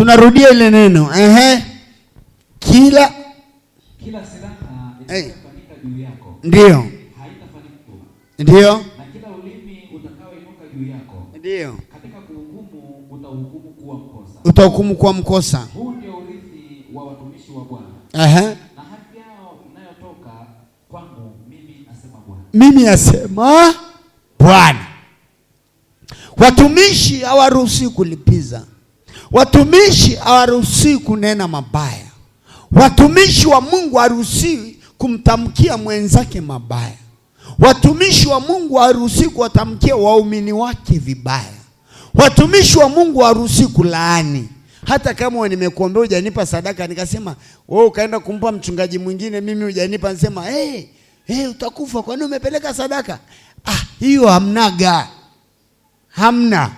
Tunarudia ile neno ehe, kila kila silaha eh, itakayofanyika juu yako ndio haitafanikiwa, ndio na kila ulimi utakaoinuka juu yako ndio katika kuhukumu utahukumu kuwa mkosa, utahukumu kuwa mkosa. Huu ndio urithi wa watumishi wa Bwana, ehe, na haki yao inayotoka kwangu mimi, asema Bwana, mimi asema Bwana. Watumishi hawaruhusi kulipiza Watumishi hawaruhusiwi kunena mabaya. Watumishi wa Mungu hawaruhusiwi kumtamkia mwenzake mabaya. Watumishi wa Mungu hawaruhusiwi kuwatamkia waumini wake vibaya. Watumishi wa Mungu hawaruhusiwi kulaani. Hata kama nimekuombea hujanipa sadaka, nikasema wewe ukaenda kumpa mchungaji mwingine, mimi hujanipa, nisema hey, eh, eh, hey, utakufa, kwani umepeleka sadaka? Ah, hiyo hamnaga, hamna.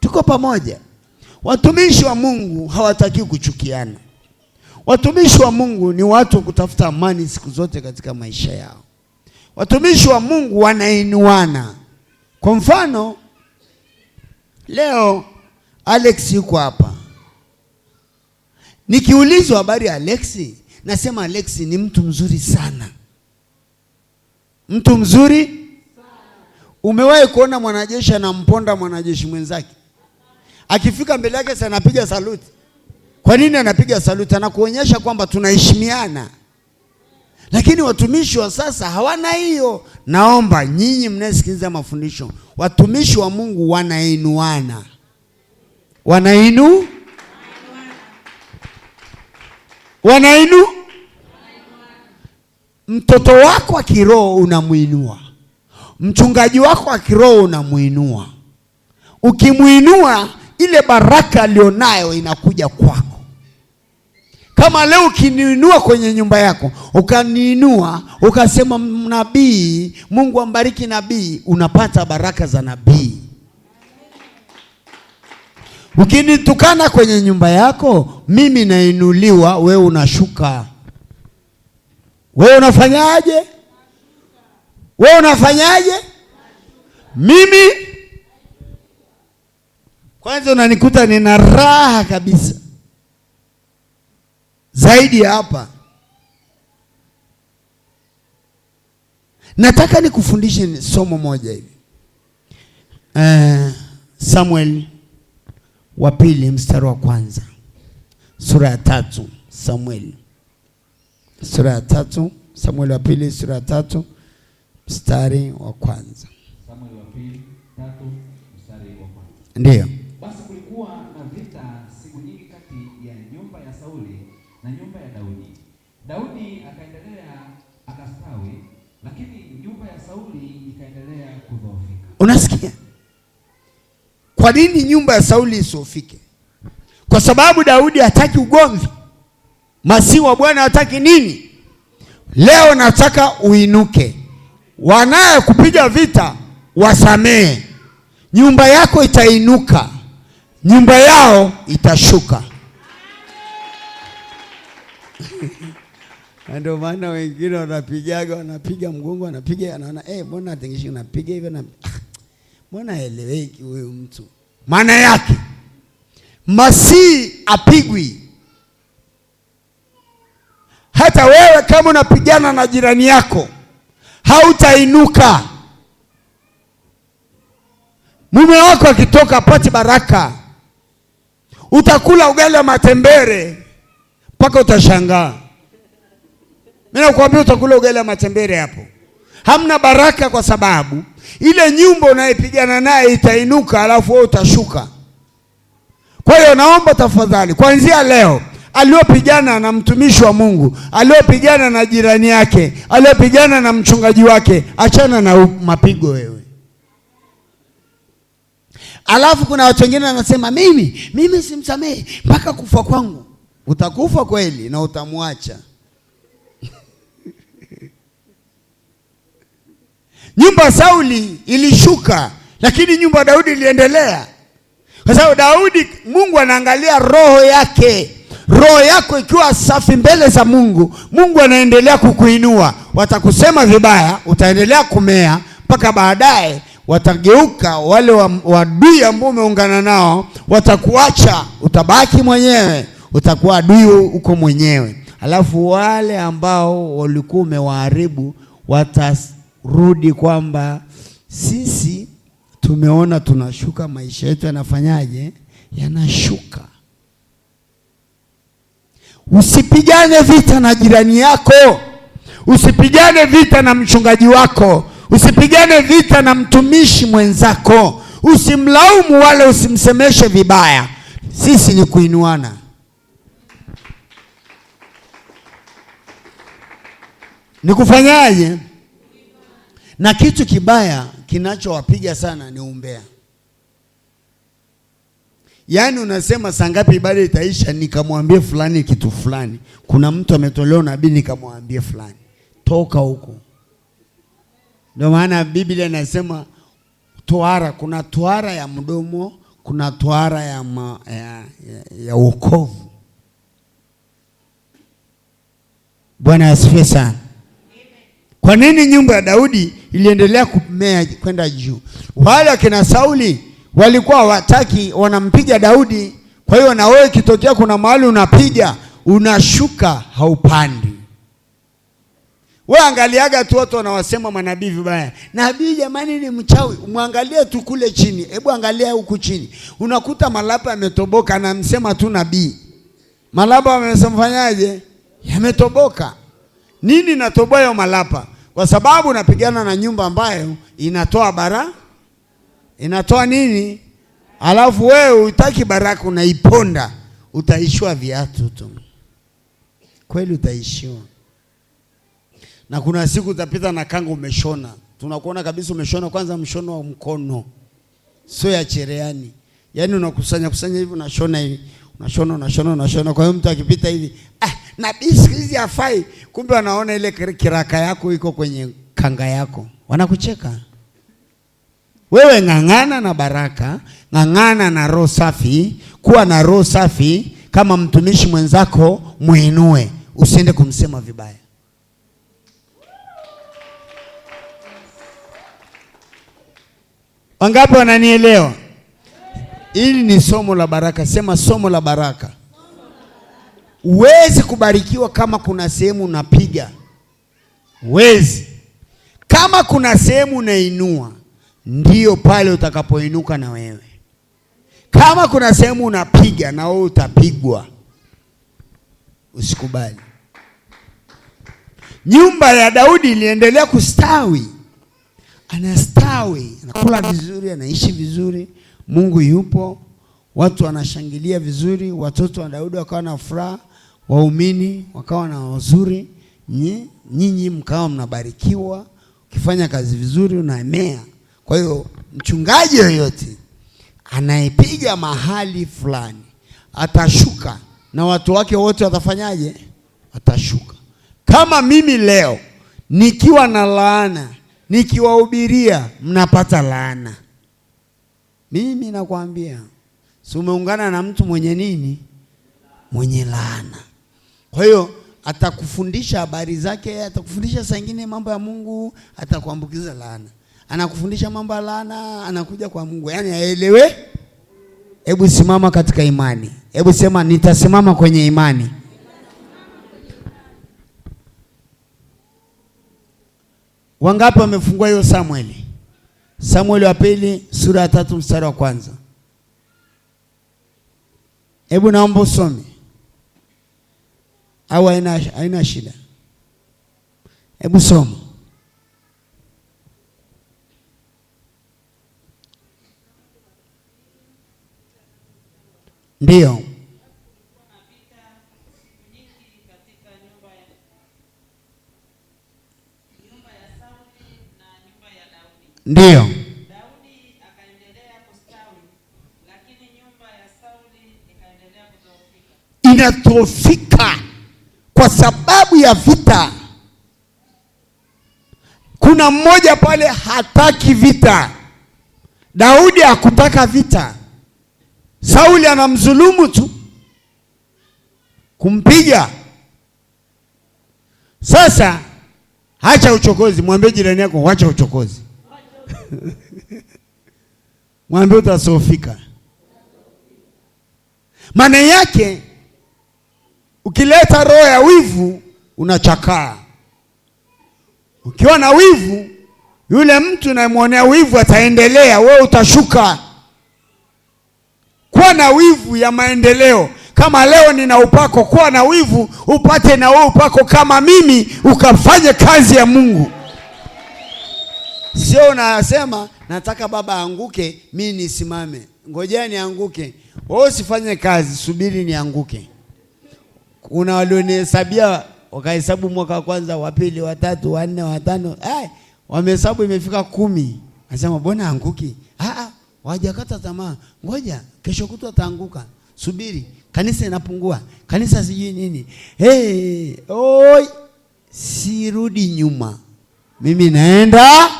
Tuko pamoja. Watumishi wa Mungu hawataki kuchukiana. Watumishi wa Mungu ni watu wa kutafuta amani siku zote katika maisha yao. Watumishi wa Mungu wanainuana. Kwa mfano, leo Alex yuko hapa. Nikiulizwa habari ya Alex, nasema Alex ni mtu mzuri sana. Mtu mzuri? Umewahi kuona mwanajeshi anamponda mwanajeshi mwenzake? Akifika mbele yake sasa anapiga saluti. Kwa nini anapiga saluti? Anakuonyesha kwamba tunaheshimiana. Lakini watumishi wa sasa hawana hiyo. Naomba nyinyi mnayesikiliza mafundisho, watumishi wa Mungu wanainuana, wanainu wanainu. Mtoto wako wa kiroho unamuinua, mchungaji wako wa kiroho unamuinua, ukimwinua ile baraka alionayo inakuja kwako. Kama leo ukiniinua kwenye nyumba yako, ukaniinua ukasema, nabii, Mungu ambariki nabii, unapata baraka za nabii. Ukinitukana kwenye nyumba yako, mimi nainuliwa, wewe unashuka. Wewe unafanyaje? Wewe unafanyaje? Mimi kwanza unanikuta nina raha kabisa. Zaidi ya hapa, nataka nikufundishe somo moja hivi uh, Samuel wa pili mstari wa kwanza sura ya tatu Samuel sura ya tatu Samuel wa pili sura ya tatu mstari wa kwanza Samuel wa pili tatu mstari wa kwanza ndiyo. Daudi akaendelea akastawi, lakini nyumba ya Sauli ikaendelea kudhoofika. Unasikia? Kwa nini nyumba ya Sauli isofike? Kwa sababu Daudi hataki ugomvi. Masiwa Bwana hataki nini? Leo nataka uinuke, wanaye kupiga vita wasamehe, nyumba yako itainuka, nyumba yao itashuka. na ndio maana wengine wanapigaga, wanapiga mgongo, wanapiga anaona, eh, mbona atengishi unapiga hivyo na mbona haeleweki huyu mtu. Maana yake masii apigwi. Hata wewe kama unapigana na jirani yako hautainuka. Mume wako akitoka apate baraka, utakula ugali wa matembere mpaka utashangaa. Mimi nakwambia utakula ugali wa matembele hapo. Hamna baraka kwa sababu ile nyumba unayepigana naye itainuka alafu wewe utashuka. Kwa hiyo naomba tafadhali kuanzia leo aliyopigana na mtumishi wa Mungu, aliyopigana na jirani yake, aliyopigana na mchungaji wake, achana na mapigo wewe. Alafu kuna watu wengine wanasema mimi mimi simsamehe mpaka kufa kwangu. Utakufa kweli na utamwacha. Nyumba Sauli ilishuka, lakini nyumba ya Daudi iliendelea, kwa sababu Daudi, Mungu anaangalia roho yake. Roho yako ikiwa safi mbele za Mungu, Mungu anaendelea kukuinua. Watakusema vibaya, utaendelea kumea mpaka baadaye watageuka wale wadui ambao umeungana nao, watakuacha, utabaki mwenyewe, utakuwa adui uko mwenyewe. Alafu wale ambao walikuwa umewaharibu wata rudi kwamba sisi tumeona tunashuka, maisha yetu yanafanyaje? Yanashuka. Usipigane vita na jirani yako, usipigane vita na mchungaji wako, usipigane vita na mtumishi mwenzako, usimlaumu wala usimsemeshe vibaya. Sisi ni kuinuana. Ni kufanyaje? Na kitu kibaya kinachowapiga sana ni umbea. Yaani unasema saa ngapi ibada itaisha, nikamwambie fulani kitu fulani, kuna mtu ametolewa nabii, nikamwambie fulani, toka huko. Ndio maana Biblia inasema tohara, kuna tohara ya mdomo, kuna tohara ya, ma, ya, ya, ya wokovu. Bwana asifiwe sana. Kwa nini nyumba ya Daudi iliendelea kumea kwenda juu. Wale akina Sauli walikuwa wataki, wanampiga Daudi. Kwa hiyo na wewe ikitokea kuna mahali unapiga, unashuka, haupandi. We angaliaga tu watu wanawasema manabii vibaya. Nabii jamani, ni mchawi, mwangalie tu kule chini, hebu angalia huku chini, unakuta malapa yametoboka, msema tu nabii. Malapa amemfanyaje? Yametoboka. Nini natoboa hiyo malapa? kwa sababu napigana na nyumba ambayo inatoa bara inatoa nini, alafu wewe utaki baraka, unaiponda, utaishiwa viatu tu, kweli utaishiwa. Na kuna siku utapita na kanga umeshona, tunakuona kabisa umeshona, kwanza mshono wa mkono, sio ya cherehani, yaani unakusanya kusanya hivi, unashona hivi nashona nashona nashona. Kwa hiyo mtu akipita hivi ah, nabii siku hizi hafai, kumbe wanaona ile kiraka yako iko kwenye kanga yako, wanakucheka wewe. Ng'ang'ana na baraka, ng'ang'ana na roho safi, kuwa na roho safi kama mtumishi mwenzako, muinue, usiende kumsema vibaya. Wangapi wananielewa? Hili ni somo la baraka. Sema somo la baraka. Huwezi kubarikiwa kama kuna sehemu unapiga, huwezi. Kama kuna sehemu unainua, ndiyo pale utakapoinuka na wewe. Kama kuna sehemu unapiga, na wewe utapigwa. Usikubali. Nyumba ya Daudi iliendelea kustawi, anastawi, anakula vizuri, anaishi vizuri Mungu yupo, watu wanashangilia vizuri, watoto wa Daudi wakawa na furaha, waumini wakawa na wazuri, nyinyi mkawa mnabarikiwa, ukifanya kazi vizuri unaemea. Kwa hiyo mchungaji yoyote anayepiga mahali fulani atashuka na watu wake wote watafanyaje? Watashuka. Kama mimi leo nikiwa na laana nikiwahubiria, mnapata laana. Mimi nakwambia si umeungana na mtu mwenye nini? Mwenye laana. Kwa hiyo atakufundisha habari zake, atakufundisha saa ingine mambo ya Mungu, atakuambukiza laana. Anakufundisha mambo ya laana, anakuja kwa Mungu, yaani aelewe. Hebu simama katika imani, hebu sema nitasimama kwenye imani. Wangapi wamefungua hiyo Samueli? Samueli wa pili sura ya tatu mstari wa kwanza. Hebu naomba usome, au haina shida? Hebu soma. Ndiyo, Ndiyo. Daudi akaendelea kustawi, lakini nyumba ya Sauli ikaendelea kudhoofika. Inadhoofika kwa sababu ya vita. Kuna mmoja pale hataki vita. Daudi hakutaka vita. Sauli anamdhulumu tu kumpiga. Sasa hacha uchokozi, mwambie jirani yako, wacha uchokozi. mwambie utasofika. Maana yake ukileta roho ya wivu unachakaa. Ukiwa na wivu, yule mtu unayemwonea wivu ataendelea, wewe utashuka. Kuwa na wivu ya maendeleo. Kama leo nina upako, kuwa na wivu upate na wewe upako kama mimi, ukafanye kazi ya Mungu sio unasema nataka baba anguke, mi nisimame. Ngoja nianguke, wewe usifanye kazi, subiri nianguke. Kuna walionihesabia wakahesabu mwaka wa kwanza, wa pili, wa tatu, wa nne, wa tano, hey, eh, wamehesabu imefika kumi, anasema mbona anguki? Ah, ah wajakata tamaa, ngoja kesho kutwa taanguka, subiri, kanisa inapungua, kanisa sijui nini. Hey, oi, sirudi nyuma, mimi naenda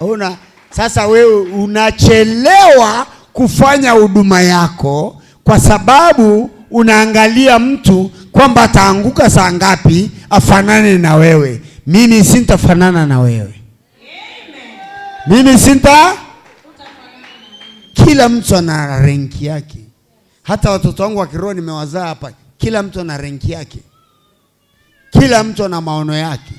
Una, sasa wewe unachelewa kufanya huduma yako kwa sababu unaangalia mtu kwamba ataanguka saa ngapi afanane na wewe. Mimi sintafanana na wewe. Mimi sinta. Kila mtu ana renki yake. Hata watoto wangu wa kiroho nimewazaa hapa, kila mtu ana renki yake, kila mtu ana maono yake.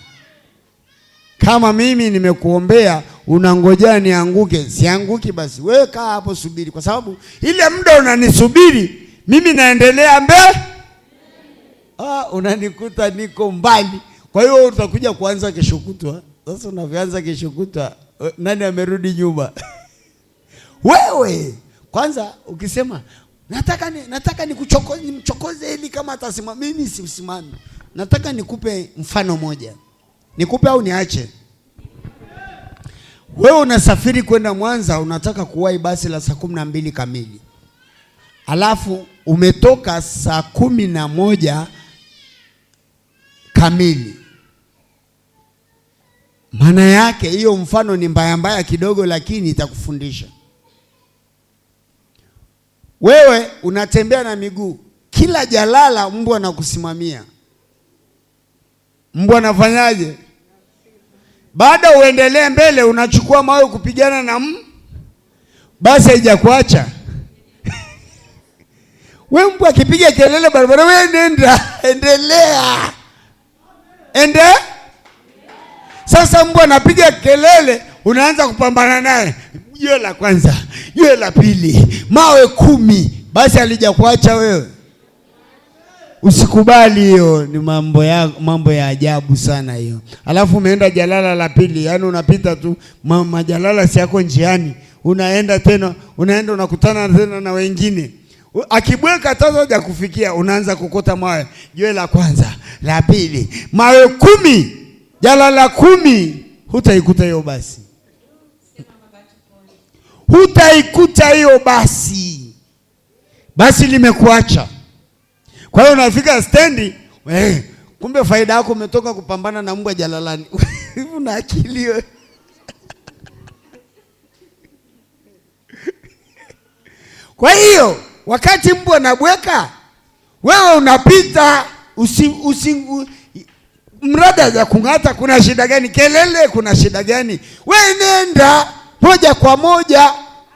Kama mimi nimekuombea unangojea nianguke, sianguki, basi wewe kaa hapo, subiri, kwa sababu ile muda unanisubiri mimi naendelea mbe ah, unanikuta niko mbali. Kwa hiyo utakuja kuanza kesho kutwa. Sasa unavyoanza kesho kutwa, nani amerudi nyuma? Wewe kwanza ukisema nataka ni, nataka nikuchokoze, nimchokoze ili kama atasimama, mimi simsimami. Nataka nikupe mfano moja. Nikupe au niache? Wewe unasafiri kwenda Mwanza, unataka kuwahi basi la saa kumi na mbili kamili, alafu umetoka saa kumi na moja kamili. Maana yake hiyo, mfano ni mbaya mbaya kidogo, lakini itakufundisha wewe. Unatembea na miguu, kila jalala mbwa anakusimamia Mbwa anafanyaje? Baada uendelee mbele, unachukua mawe kupigana na m, basi haijakuacha we. Mbwa akipiga kelele barabara, we nenda, endelea, ende. Sasa mbwa anapiga kelele, unaanza kupambana naye, jiwe la kwanza, jiwe la pili, mawe kumi, basi alijakuacha wewe. Usikubali hiyo, ni mambo ya mambo ya ajabu sana hiyo. Alafu umeenda jalala la pili, yaani unapita tu ma, majalala si yako njiani, unaenda tena, unaenda unakutana tena na wengine. Akibweka tazo ya kufikia, unaanza kukota mawe, jiwe la kwanza, la pili, mawe kumi, jalala kumi, hutaikuta hiyo basi, hutaikuta hiyo basi, basi limekuacha kwa hiyo unafika stendi, eh, kumbe faida yako umetoka kupambana na mbwa jalalani. Hivi una akili wewe? Kwa hiyo wakati mbwa anabweka, wewe unapita usi, usi, mrada za kung'ata, kuna shida gani? Kelele, kuna shida gani? Wewe nenda moja kwa moja,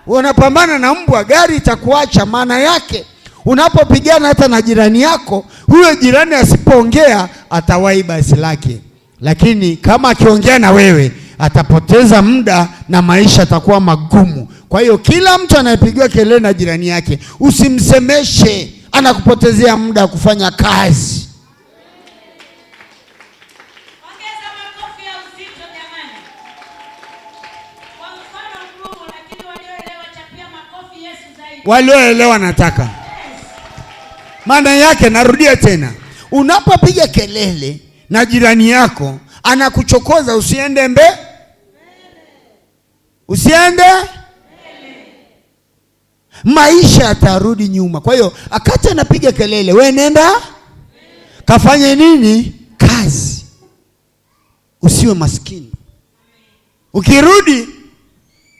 unapambana na mbwa, gari itakuacha. Maana yake unapopigana hata na jirani yako, huyo jirani asipoongea atawahi basi lake, lakini kama akiongea na wewe atapoteza muda na maisha atakuwa magumu. Kwa hiyo kila mtu anayepigiwa kelele na jirani yake usimsemeshe, anakupotezea muda wa kufanya kazi. Walioelewa nataka maana yake narudia tena, unapopiga kelele na jirani yako anakuchokoza usiende mbe, usiende maisha atarudi nyuma. Kwa hiyo akati anapiga kelele, we nenda kafanye nini? Kazi, usiwe maskini. Ukirudi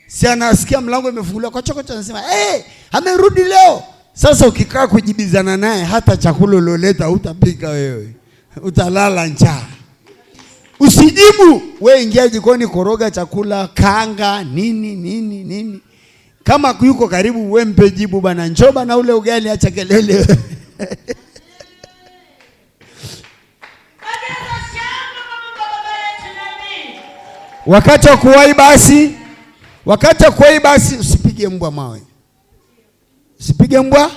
si anasikia mlango imefunguliwa, chokocho, anasema hey, eh, amerudi leo. Sasa ukikaa kujibizana naye, hata chakula ulioleta utapika wewe, utalala njaa. Usijibu we, ingia jikoni, koroga chakula, kanga nini nini nini. Kama yuko karibu, we mpe jibu, bana, njoo bana, ule ugali, acha kelele wakati wa kuwai basi, wakati wa kuwai basi, usipige mbwa mawe. Sipige mbwa,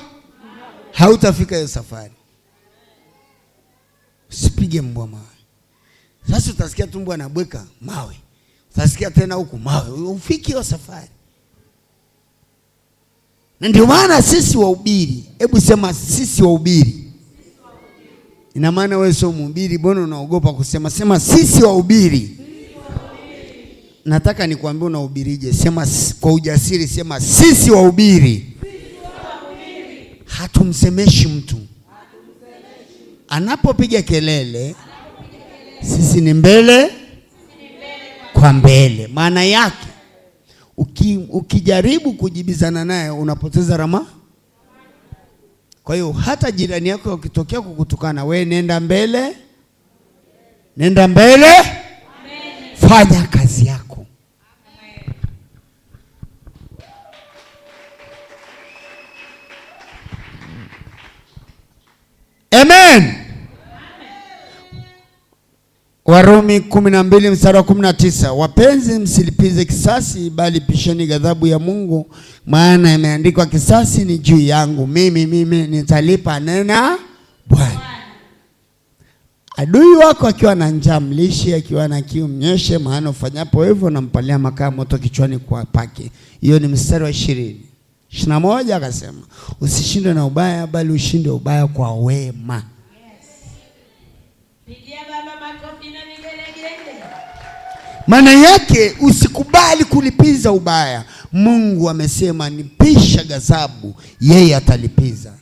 hautafika hiyo safari. Usipige mbwa mawe. Sasa utasikia tu mbwa anabweka mawe, utasikia tena huku mawe, ufiki hiyo safari. Na ndio maana sisi wahubiri, hebu sema sisi wahubiri. Ina maana wewe sio mhubiri, mbona unaogopa kusema? Sema sisi wahubiri. Nataka nikwambie unahubirije. Sema kwa ujasiri, sema sisi wahubiri hatumsemeshi mtu, anapopiga kelele sisi ni mbele kwa mbele. Maana yake ukijaribu kujibizana naye unapoteza rama. Kwa hiyo hata jirani yako ukitokea kukutukana, we nenda mbele, nenda mbele, fanya kazi yako. Amen. Warumi 12 mstari wa 19, wapenzi, msilipize kisasi, bali pisheni ghadhabu ya Mungu, maana imeandikwa, kisasi ni juu yangu mimi, mimi nitalipa, nena Bwana. Adui wako akiwa na njaa mlishe, akiwa na kiu mnyeshe, maana ufanyapo hivyo unampalia makaa moto kichwani kwa pake. Hiyo ni mstari wa ishirini ishirini na moja akasema usishindwe na ubaya, bali ushinde ubaya kwa wema. Maana yake usikubali kulipiza ubaya. Mungu amesema nipisha ghadhabu, yeye atalipiza.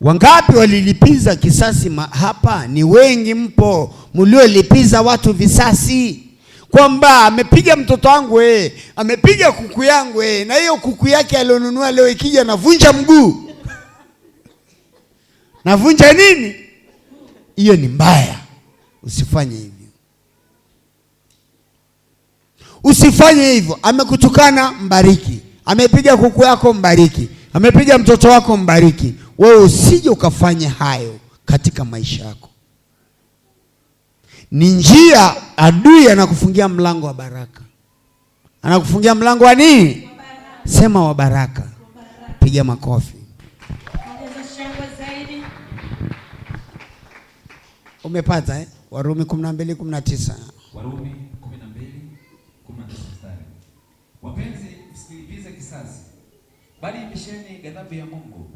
Wangapi walilipiza kisasi hapa? Ni wengi mpo mliolipiza watu visasi kwamba amepiga mtoto wangu eh, amepiga kuku yangu eh, na hiyo kuku yake alionunua leo ikija navunja mguu navunja nini, hiyo ni mbaya. Usifanye hivyo, usifanye hivyo. Amekutukana, mbariki. Amepiga kuku yako, mbariki. Amepiga mtoto wako, mbariki. Wewe usije ukafanya hayo katika maisha yako ni njia, adui anakufungia mlango wa baraka, anakufungia mlango wa nini? Sema wa baraka, piga makofi. Umepata eh? Warumi 12:19. Warumi 12:19. Wapenzi, msikilize kisasi, bali ibisheni ghadhabu ya Mungu,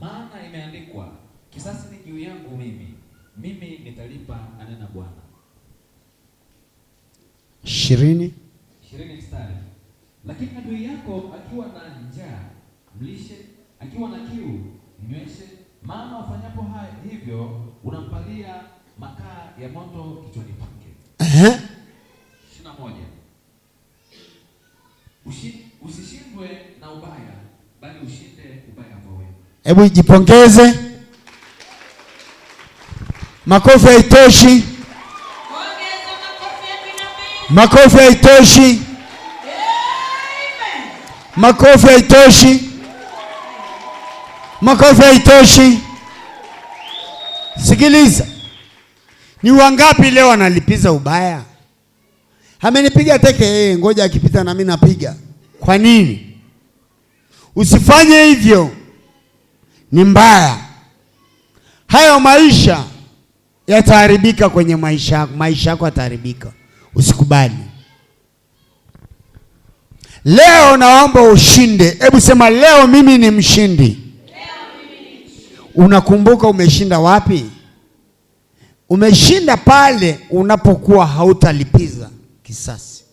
maana imeandikwa, kisasi ni juu yangu mimi, mimi nitalipa, anena Bwana ishirini mstari, lakini adui yako akiwa na njaa mlishe, akiwa na kiu mnyweshe, maana wafanyapo haya hivyo unampalia makaa ya moto kichwani pake. ishirini na moja usishindwe na ubaya, bali ushinde ubaya kwa wema. Hebu jipongeze, makofi haitoshi. Makofi haitoshi, makofi haitoshi, makofi haitoshi. Sikiliza, ni wangapi leo analipiza ubaya? Amenipiga teke yeye, eh, ngoja akipita nami napiga. Kwa nini? Usifanye hivyo, ni mbaya. Hayo maisha yataharibika, kwenye maisha yako, maisha yako yataharibika. Usikubali. Leo naomba ushinde. Hebu sema leo mimi ni mshindi. Unakumbuka umeshinda wapi? Umeshinda pale unapokuwa hautalipiza kisasi.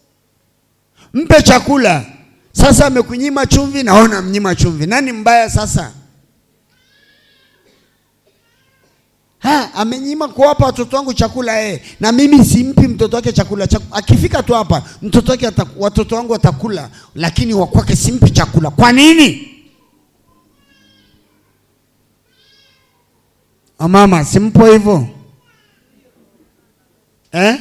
Mpe chakula. Sasa amekunyima chumvi, naona mnyima chumvi. Nani mbaya sasa? Ha, amenyima kuwapa watoto wangu chakula eh, na mimi simpi mtoto wake chakula. chaku. akifika tu hapa mtoto wake watoto wangu watakula, lakini wa kwake simpi chakula. Kwa nini? Oh, mama simpo hivyo eh?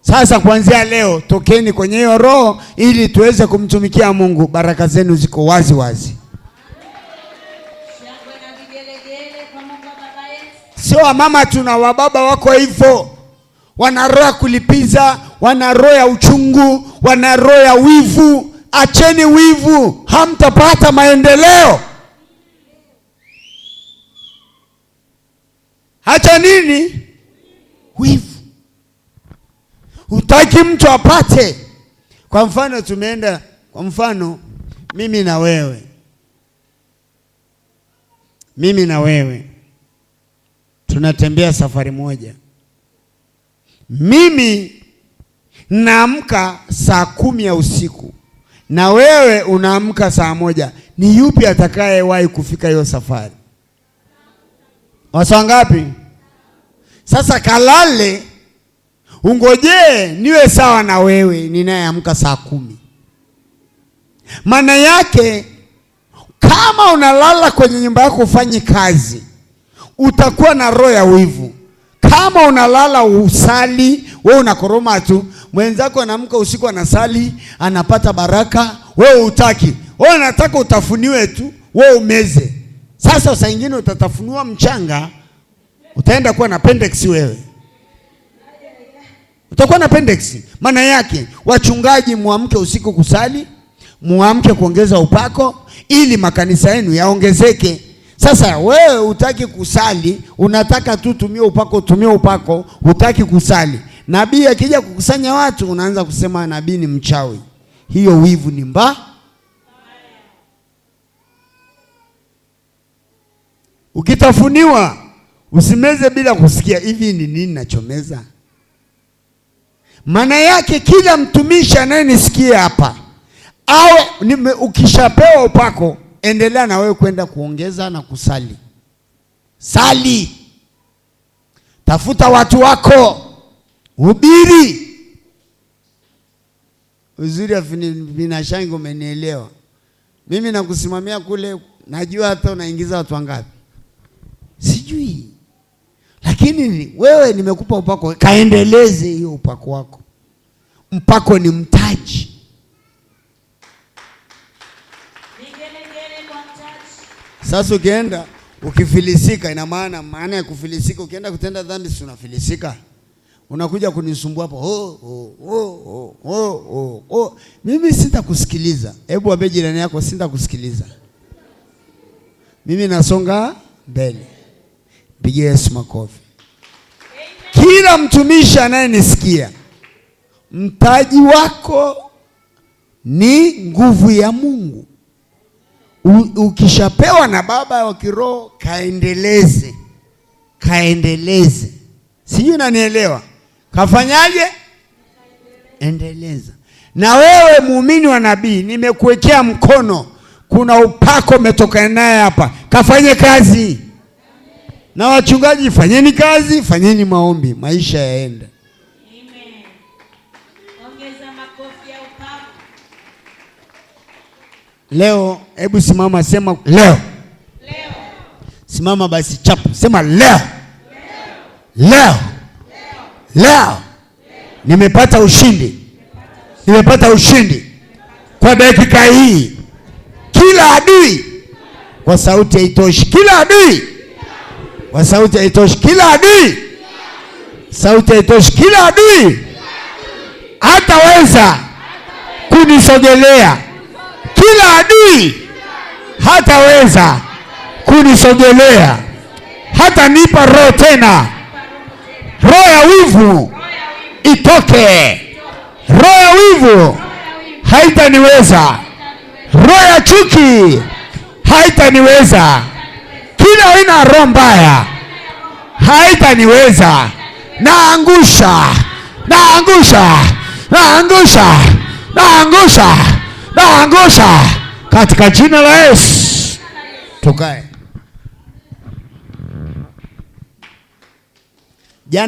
Sasa kuanzia leo tokeni kwenye hiyo roho ili tuweze kumtumikia Mungu. Baraka zenu ziko wazi wazi. Sio wamama tuna wababa wako hivyo, wana roho ya kulipiza, wana roho ya uchungu, wana roho ya wivu. Acheni wivu, hamtapata maendeleo. Hacha nini? Wivu. Utaki mtu apate. Kwa mfano tumeenda, kwa mfano mimi na wewe, mimi na wewe tunatembea safari moja. Mimi naamka saa kumi ya usiku na wewe unaamka saa moja. Ni yupi atakayewahi kufika hiyo safari? Wasa ngapi? Sasa kalale ungojee niwe sawa na wewe ninayeamka saa kumi. Maana yake kama unalala kwenye nyumba yako ufanyi kazi utakuwa na roho ya wivu. Kama unalala usali, wewe unakoroma tu, mwenzako anaamka usiku anasali, anapata baraka, wewe utaki, wewe unataka utafuniwe tu, wewe umeze. Sasa saa nyingine utatafuniwa mchanga, utaenda kuwa na appendix wewe utakuwa na appendix. Maana yake wachungaji, muamke usiku kusali, muamke kuongeza upako ili makanisa yenu yaongezeke. Sasa wewe utaki kusali, unataka tu tumia upako, tumia upako, utaki kusali. Nabii akija kukusanya watu, unaanza kusema nabii ni mchawi. Hiyo wivu ni mbaya. Ukitafuniwa usimeze bila kusikia, hivi ni nini nachomeza? Maana yake kila mtumishi anayenisikia hapa awe ukishapewa upako endelea na wewe kwenda kuongeza na kusali. Sali, tafuta watu wako, hubiri uzuri wa Umenielewa? Mimi nakusimamia kule, najua hata unaingiza watu wangapi sijui, lakini wewe nimekupa upako, kaendeleze hiyo upako wako. Mpako ni mtaji Sasa ukienda ukifilisika, ina maana maana ya kufilisika, ukienda kutenda dhambi, si unafilisika? Unakuja kunisumbua hapo, oh, oh, oh, oh, oh, oh. oh. Mimi sitakusikiliza. Hebu ambie jirani yako, sitakusikiliza. Mimi nasonga mbele. Pigie Yesu makofi. Kila mtumishi anayenisikia, mtaji wako ni nguvu ya Mungu. Ukishapewa na baba wa kiroho kaendeleze, kaendeleze. Sijui nanielewa? Kafanyaje? Endeleza. Na wewe muumini wa nabii, nimekuwekea mkono, kuna upako umetoka naye hapa, kafanye kazi. Na wachungaji, fanyeni kazi, fanyeni maombi, maisha yaenda. Leo hebu simama, sema leo. Leo simama basi, chapu, sema leo. Leo. Leo. Leo. Leo. Leo nimepata ushindi, nimepata ushindi kwa dakika hii. Kila adui kwa sauti haitoshi, kila adui kwa sauti haitoshi, kila adui sauti haitoshi, kila adui hataweza kunisogelea kila adui hataweza kunisogelea, hata nipa roho tena. Roho ya wivu itoke, roho ya wivu haitaniweza, roho ya chuki haitaniweza, kila aina ya roho mbaya haitaniweza. Naangusha, naangusha, naangusha, naangusha Angusha katika jina la Yesu, tukae.